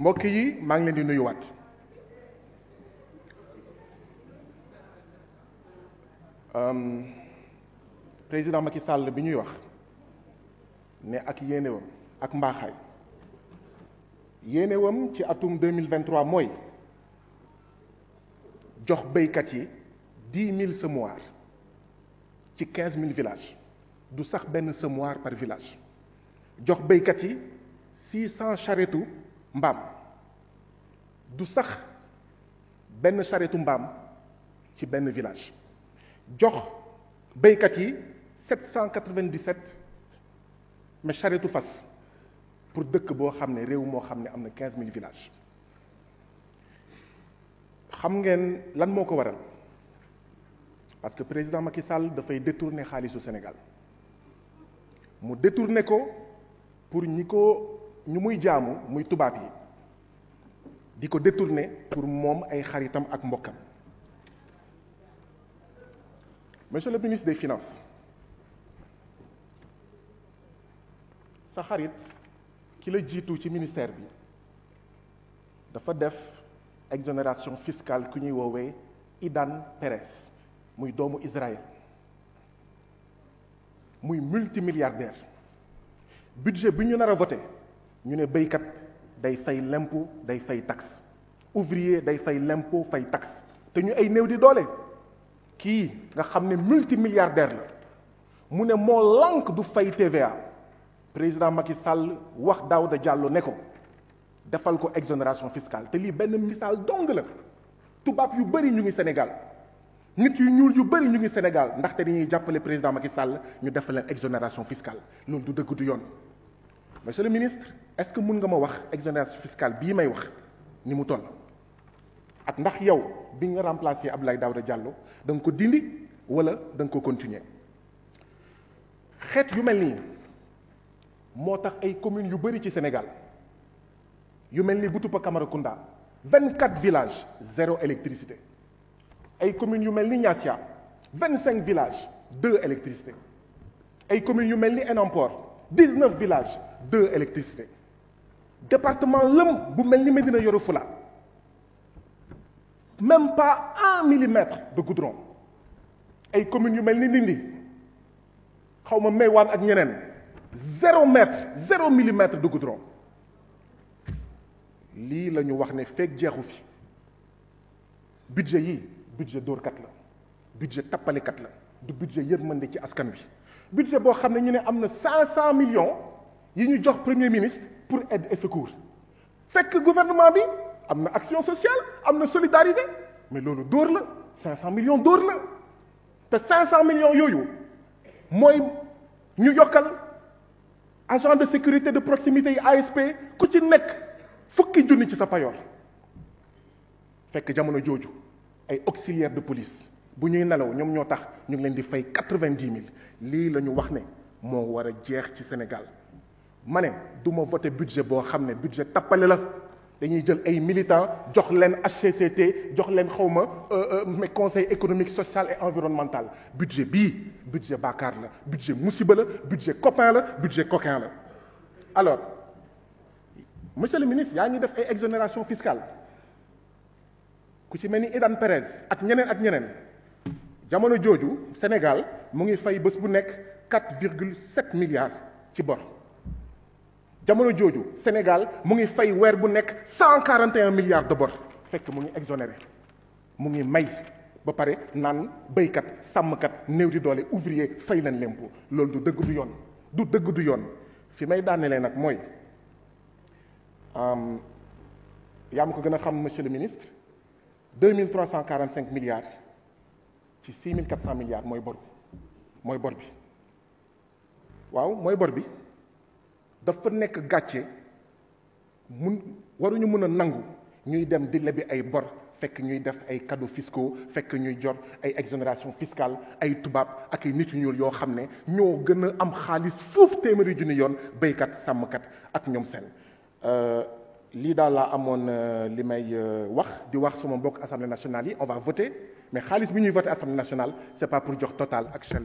mbokk yi maa hum, président Macky Sall bi ñuy wax ne ak yéenewam ak mbaaxaay yéenewam ci atum 2023 dix mille semoirs ci 15 mille villages du sax par village jox yi six mbam du sax ben charrette mbam ci ben village jox béykat yi 797 mais charretu fas pour dëkk boo xam ne réew moo xam ne am na 15000 villages xam ngeen lan moo waral parce que président Macky Sall dafay détourner xaalisu Sénégal mu détourner ko pour ñi ko ñu muy jaamu muy yi détourné pour moom monsieur le ministre des finances sa qui ki la jiitu ci ministère bi dafa exonération fiscale ku ñuy Idan Perez muy doomu Israël muy multimilliardaire budget bi ñu voté ñu ne béykat day fay l'impôt day fay taxe ouvrier day fay l'impôt fay taxe té ñu ay néw di doolé ki nga xamné multimilliardaire la mu ne mo lank du fay TVA président Macky Sall wax Daouda Diallo ne ko defal ko exonération fiscale té li benn message dong la tubaab yu bari ñu ngi Sénégal nit yu ñuul yu bari ñu ngi Sénégal té dañuy jappalé président Macky Sall ñu defal exonération fiscale loolu du dëgg du yoon monsieur le ministre est-ce que vous nga ma wax exonération fiscale que may wax ni mu toll ak ndax yow bi nga Daouda Diallo vous ko dindi wala da nga ko continuer xeet yu mel nii ay communes yu ci Sénégal yu mel Boutoupa Camaracounda kunda 24 villages zéro électricité ay communes yu Nyasia, 25 villages deux électricité ay communes yu mel 19 villages 2 électricité département lëm bu même pas un millimètre de goudron Et commune, yu comme ni 0 ak mètre zéro millimètre de goudron lii nous wax ne budget yi budget d'or. la budget de 4 du budget yërmande ci askan budget bo xamné millions yi ñu premier ministre pour aide et secours le gouvernement a une action sociale une solidarité mais lolu dóor la 500 millions d'or, la te 500 millions yoyu moy ñu yokal agent de sécurité de proximité ASP ku ci nek fukki jooni ci sa payor fekk jamono joju ay auxiliaires de police bu ñuy nelaw ñoom ñoo tax ñu ngi leen di fay quatre mille lii la ñu wax ne moo war a jeex ci Sénégal ma ne du ma voté budget boo xam ne budget tappale la dañuy jël ay militants jox leen HCCT jox leen xawma euh, euh, mais conseil économique social et environnemental budget bii budget bàkkaar la budget musiba la budget copain la budget coquin la alors monsieur le ministre yaa ngi def ay exonération fiscale ku ci mel ni Idan Perez ak ñeneen ak ñeneen jamono joju Sénégal mo ngi fay bëss bu nek 4,7 milliards ci bor jamono joju Sénégal mo ngi fay wër bu nek 141 milliards de bor fekk mo ngi exonéré mo ngi may ba pare naan béykat sàmmkat néew di doole ouvrier fay lan l'impôt lolou du deug du yoon du deug du yoon fi may daanelee nak moy am yam ko gëna xam monsieur le ministre 2345 milliards ci 6400 milliards moy bor moy bor bi waaw moy bor bi dafa nek gatché mun waruñu mëna nangu ñuy dem di lebi ay bor fekk ñuy def ay cadeaux fiscaux fekk ñuy jot ay exonération fiscale ay tubab ak ay nit yu ñuul yoo xam ne ñoo gën a am xaalis foofu téeméeri juñu yoon baykat sàmmkat ak ñoom seen euh, lii daal laa amoon euh, li may euh, wax di wax sama mbokk assemblée nationale yi on va voter mais khalis bi ñuy voté assemblée nationale c'est n'est pas pour jox Total ak